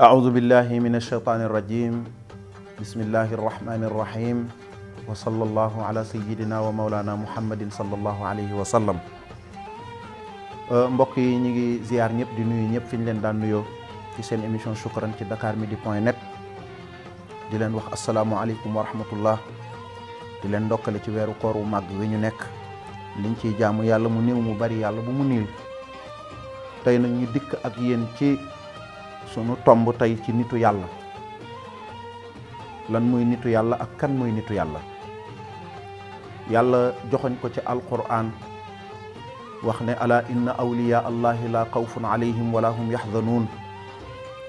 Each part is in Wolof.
أعوذ بالله من الشيطان الرجيم بسم الله الرحمن الرحيم وصلى الله على سيدنا ومولانا محمد صلى الله عليه وسلم mbokk yi ñu ngi ziar ñëpp di nuyu ñëpp fi ñu leen daan nuyoo ci seen émission Shukran ci Dakar di point net di leen wax asalaamualeykum wa rahmatullah di leen ndokkale ci weeru koor wu màgg wi ñu nekk liñ ciy jaamu yàlla mu néew mu bari yàlla bu mu niil tey nag ñu dikk ak yéen ci sunu tomb tey ci nitu yàlla lan muy nitu yàlla ak kan muy nitu yàlla yàlla joxoñ ko ci alquran wax ne ala inna awliya allahi la xawfun alayhim wala hum yaxzanuun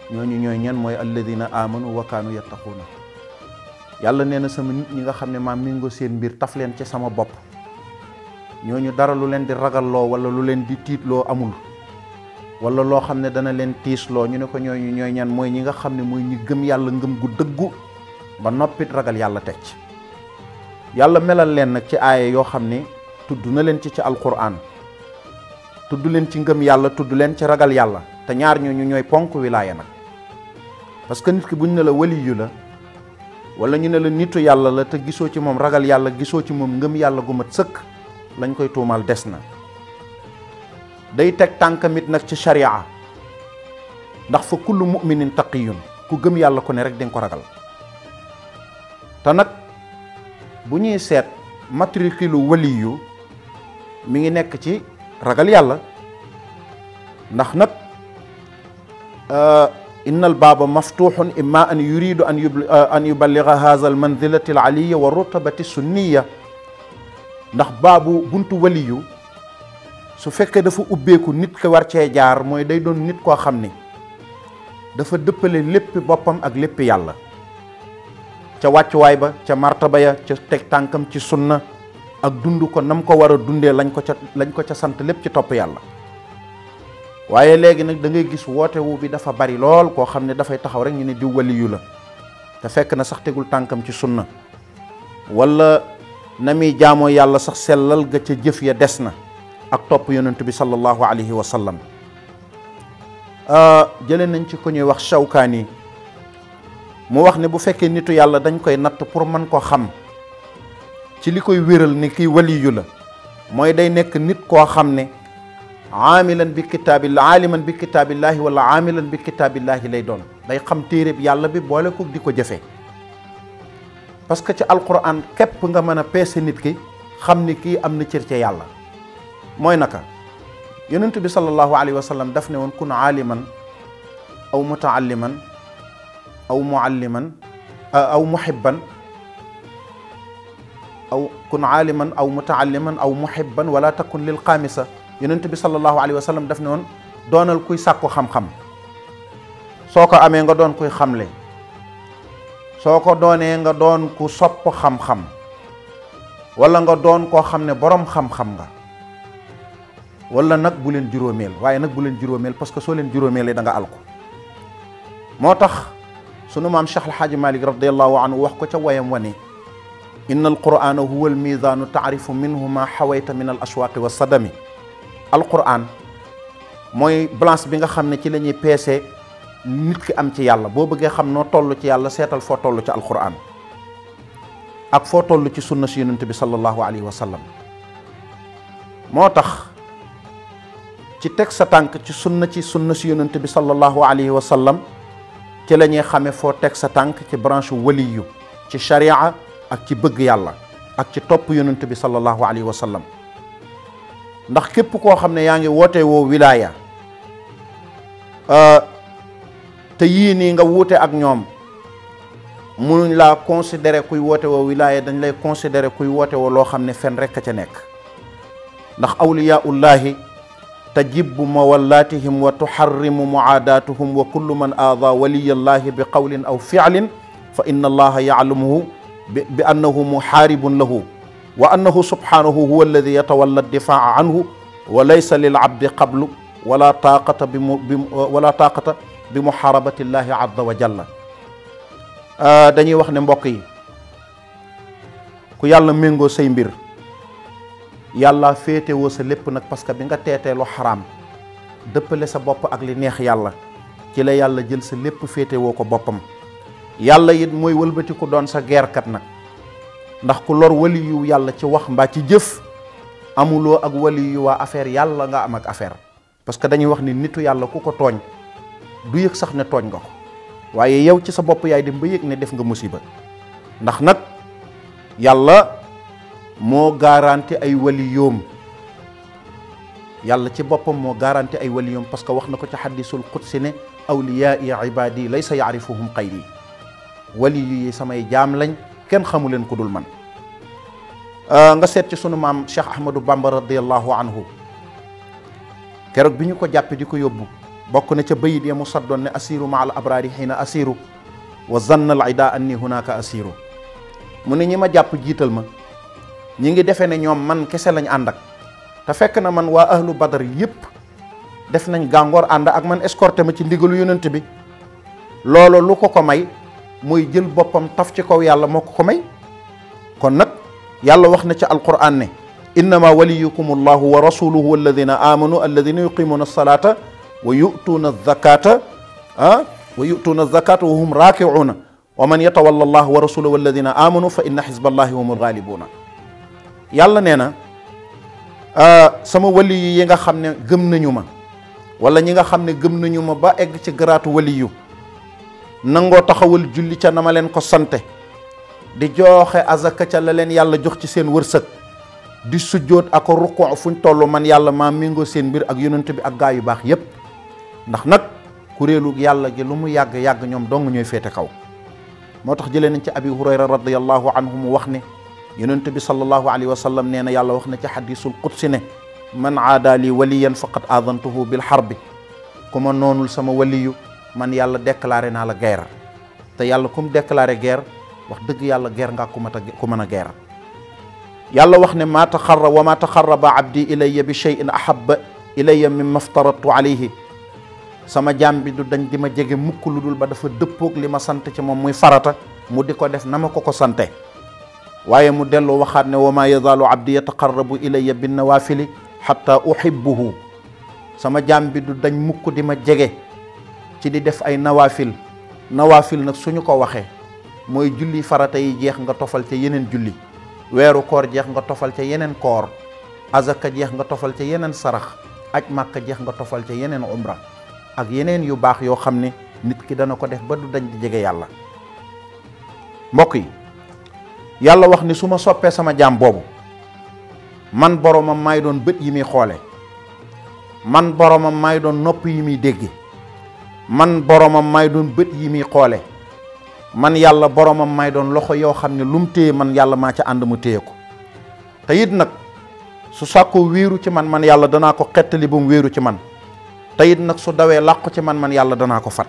ñooñu ñooy ñan mooy alladina amanu wa kaanu yattaquuna yàlla nee na sama nit ñi nga xam ne maa mingo seen mbir taf leen ci sama bopp ñooñu dara lu leen di ragalloo wala lu leen di tiit loo amul wala loo xam ne dana leen tiisloo ñu ne ko ñu ñooy ñan mooy ñi nga xam ne mooy ñi gëm yàlla ngëm gu dëggu ba noppit ragal yàlla teg ci yàlla melal leen nag ci aaya yoo xam ne tudd na leen ci ci alquran tudd leen ci ngëm yàlla tudd leen ci ragal yàlla te ñaar ñoo ñu ñooy ponk wilaaya nag parce que nit ki buñ ne la waliyu la wala ñu ne la nitu yàlla la te gisoo ci moom ragal yàlla gisoo ci moom ngëm yàlla gu mat sëkk lañ koy tuumal des na day teg tànkamit nag ci sharia ndax fa kullu muminin taqiyun ku gëm yàlla ku ne rek di nga ko ragal te nag bu ñuy seet matricule waliyu mi ngi nekk ci ragal yàlla ndax nag euh, inna al baaba maftuxun imma an yuridu an euh, an yuballiga haza al manzilati al aliya wa rutabati sunniya ndax baabu buntu waliyu su fekkee dafa ubbeeku nit ki war cee jaar mooy day doon nit koo xam ne dafa dëppale lépp boppam ak lépp yàlla ca wàccuwaay ba ca martaba ya ca teg tànkam ci sunna ak dund ko nam ko war a dundee lañ ko ca lañ ko ca sant lépp ci topp yàlla waaye léegi nag dangay ngay gis wootewu bi dafa bari lool koo xam ne dafay taxaw rek ñu ne diw waliyu la te fekk na sax tegul tànkam ci sunna wala na muy jaamoo yàlla sax sellal ga ca jëf ya des na ak topp yonent bi sallallahu alayhi wa sallam euh, jëlee nañ ci ko ñuy wax Shawkaani mu wax ne bu fekkee nitu yàlla dañ koy natt pour mën koo xam ci li koy wéral ni kii waliyu la mooy day nekk nit koo xam ne aamilan bi kitaabillah aaliman bi kitaabillahi wala aamilan bi kitaabillahi lay doon day xam téereb yàlla bi boole ko di ko jëfee parce que ci alquran képp nga mën a peese nit ki xam ni kii am na cër ca yàlla mooy naka yonent bi sallallahu alayhi wa sallam daf ne woon kun aaliman aw mutaalliman aw mualliman euh, aw muhibban aw kun aaliman aw mutaalliman aw muhibban wala takun lil xaamisa yonent bi sallallahu alayhi wa sallam daf ne woon doonal kuy sàkku xam-xam soo ko amee nga doon kuy xamle soo ko doonee nga doon ku sopp xam-xam wala nga doon koo xam ne boroom xam-xam nga wala nag bu leen juróomeel waaye nag bu juróomeel parce que soo leen juróomeelee da nga moo tax sunu maam Cheikh El Hadj Malick radiallahu anhu wax ko ca wayam wane inna alqurana huwa almizaanu taarifu minhu ma xawayta min al aswaaqi wa sadami alquran mooy balance bi nga xam ne ci lañuy peese nit ki am ci yàlla boo bëggee xam noo toll ci yàlla seetal foo toll ci alquran ak foo toll ci sunna si yonent bi sallallahu wa sallam moo tax ci teg sa tànk ci sunna ci sunna si yonent bi sallallahu alayhi wa sallam ci la ñuy xamee foo teg sa tànk ci branche waliyu ci sharia ak ci bëgg yàlla ak ci topp yonent bi sallallahu alayhi wa sallam ndax képp koo xam ne yaa ngi woote woo wilaaya euh, te yii nii nga wuute ak ñoom mënuñ laa considéré kuy woote woo wilaaya dañ lay considéré kuy woote woo loo xam ne fen rek a ca nekk ndax awliyaullahi tajibbu mawallaatihim wa tuharrimu muaadaatuhum wa kullu man aadaa waliyallahi bi qawlin aw ficlin fa inna allaha yaclamuhu bi annahu muxaaribun lahu wa annahu subhaanahu huwa alladi yatawalla addifaaca anhu wa laysa lilcabdi qablu wala taaqata bi mu bi wala taaqata bi muxaarabati llahi azza wa jalla ah, dañuy wax ne mbokk yi ku yàlla méngoo say mbir yàlla féetewoo sa lépp nag parce que bi nga teetee lu xaraam dëppale sa bopp ak li neex yàlla ci la yàlla jël sa lépp féetewoo ko boppam yàlla it mooy wëlbati ku doon sa geerkat nag ndax ku lor waliyu yàlla ci wax mbaa ci jëf amuloo ak waliyu waa affaire yàlla nga am ak affaire parce que dañuy wax ni nitu yàlla ku ko tooñ du yëg sax ne tooñ nga ko waaye yow ci sa bopp yaay dem ba yëg ne def nga musiba ndax nag yàlla moo garanti ay waliyoom yàlla ci boppam moo garanti ay waliyoom parce que wax na ko ca xaddisul qudsi ne awliyaai ibadi laysa yaarifuhum xayri waliyu yi samay jaam lañ kenn xamu leen ku dul man euh, nga seet ci sunu maam Cheikh Ahmadou Bamba radiallahu anhu keroog bi ñu ko jàppe di ko yóbbu bokk na ca bayit di mu saddoon ne asiru ma al xiina asiru wa zanna al ida anni hunaka asiru mu ne ñi ma jàpp jiital ma ñi ngi defee ne ñoom man kese lañ ànd ak te na man waa ahlu badar yëpp def nañ gàngoor ànd ak man escorté ma ci ndigalu yonent bi loolu lu ko ko may muy jël boppam taf ci kaw yàlla moo ko may kon nag yalla wax na ci alquran ne innama waliyukum allahu wa rasuluhu alladina amanu alladina yuqimuna alsalata wa yutuuna alzakata ah wa yutuuna alzakata wa hum raakiuuna wa man yatawalla allah wa rasuluhu alladina amanu fa inna xizba allahi hum algalibuuna yàlla nee na ah, sama wali yi nga xam ne gëm nañu ma wala ñi nga xam ne gëm nañu ma ba egg ci garaatu wali nangoo taxawal julli ca na ma leen ko sante di joxe azaka ca la leen yàlla jox ci seen wërsëg di sujjóot ak ruqu fuñ toll man yàlla maa méngoo seen mbir ak yonent bi ak gaa yu baax yépp ndax nag kuréelu yàlla gi lu mu yàgg-yàgg ñoom dong ñooy féete kaw moo tax jële nañ ci abi hurayra radiallahu anhu mu wax ni yonent bi sallallahu alayhi wa sallam nee na yàlla wax na ci xadisul qudsi ne man aada li waliyan faqad aadantuhu bil harbi ku ma noonul sama waliyu man yàlla déclaré naa la guerre te yàlla kum déclaré guerre wax dëgg yàlla guerre ngaa ku mat a ku mën a guerre wax ne maa taxarra wa maa taxarraba abdi ilayya bi cheyin ahaba ilayya mimma aftaradtu alayhi sama jaam bi du dañ di ma jege mukk lu dul ba dafa dëppoog li ma sant ci moom muy farata mu di ko def na ma ko ko sante waaye mu dellu waxaat ne wa maa yazaalu abdi yataqarrabu ilayya binnawaafili xatta uhibbuhu sama jaam bi du dañ mukk di ma jege ci di def ay nawaafil nawaafil nag su ñu ko waxee mooy julli farata yi jeex nga tofal ca yeneen julli weeru koor jeex nga tofal ca yeneen koor azaka jeex nga tofal ca yeneen sarax aj màkka jeex nga tofal ca yeneen umra ak yeneen yu baax yoo xam ne nit ki dana ko def ba du dañ di jege yàlla mbokk yi yàlla wax ni su ma soppee sama jaam boobu man boromam maay doon bët yi muy xoole man boromam maay doon nopp yi muy dégg man boromam maay doon bët yi muy xoole man yàlla boromam maay doon loxo yoo xam ne lu mu téye man yàlla maa ci ànd mu téye ko te it nag su sàkkoo wéeru ci man man yàlla danaa ko xettali ba mu wéeru ci man te it nag su dawee làqu ci man man yàlla danaa ko fat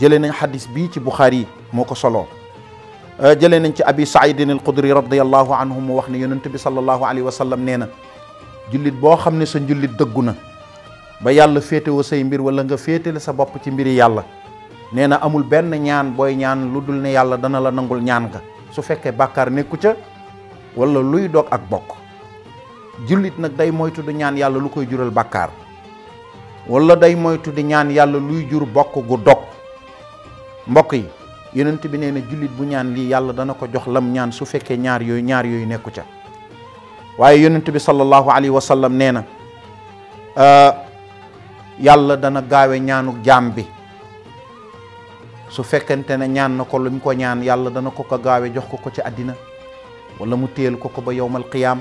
jëlee nañ xadis bii ci Buxaari yi moo ko soloo Euh, jëlee nañ ci abi saidin al xudri radiallahu anhu mu wax ni yonent bi salallahu alayhi wa sallam nee na jullit boo xam ne sa njullit dëggu na ba yàlla féetewoo say mbir wala nga féetale sa bopp ci mbir yàlla nee na amul benn ñaan booy ñaan lu dul ne yàlla dana la nangul ñaan ga su fekkee bàkkaar nekku ca wala luy dog ak bokk jullit nag day moytu di ñaan yàlla lu koy jural bàkkaar wala day moytu di ñaan yàlla luy jur bokk gu dog mbokk yi yonent bi nee na jullit bu ñaan lii yàlla dana ko jox lam ñaan su fekkee ñaar yooyu ñaar yooyu nekku ca waaye yonent bi sallallahu alayhi wa sallam nee na yàlla dana gaawe ñaanu jaam bi su fekkente ne ñaan na ko lu mu ko ñaan yàlla dana ko ko gaawee jox ko ko ci àddina wala mu téyel ko ko ba yowmal qiyaam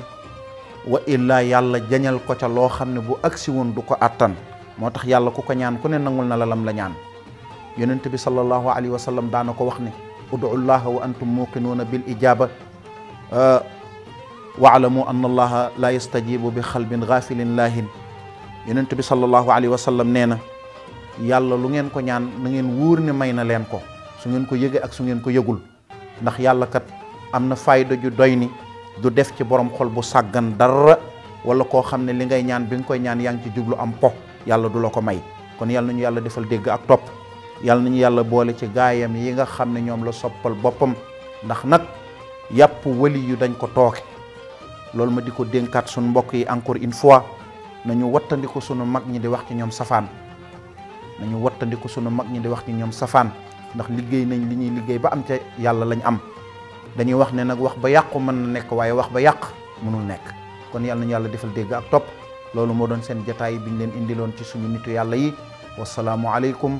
wa illaa yàlla jañal ko ca loo xam ne bu agsi woon du ko attan moo tax yàlla ku ko ñaan ku ne nangul na la lam la ñaan yonent bi sallallahu alayhi wa sallam daana ko wax ne ud'u llaha wa antum muqinuuna bil ijaaba waalamu anna allaha la yastajibu bi xalbin gaafilin laahin yonent bi sallallahu alayhi wa sallam nee na yàlla lu ngeen ko ñaan na ngeen wuur ne may na leen ko su ngeen ko yëge ak su ngeen ko yëgul ndax yàlla kat am na fayda ju doy ni du def ci borom xol bu sàggan dara wala koo xam ne li ngay ñaan bi nga koy ñaan yaa ngi ci jublu am po yàlla du la ko may kon yàlla nañu yàlla defal dégg ak topp yàlla nañu yàlla boole ci gaa yam yi nga xam ne ñoom la soppal boppam ndax nag yàpp wali yu dañ ko tooke loolu ma di ko dénkaat suñu mbokk yi encore une fois nañu wattandiku suñu mag ñi di wax ci ñoom safaan nañu wattandiku suñu mag ñi di wax ci ñoom safaan ndax liggéey nañ li ñuy liggéey ba am ca yàlla lañ am dañuy wax ne nag wax ba yàqu mën nekk waaye wax ba yàq mënul nekk kon yàlla nañu yàlla defal dégg ak loolu moo doon seen jataay bi ñu leen indiloon ci suñu nitu yàlla yi wasalaamualeykum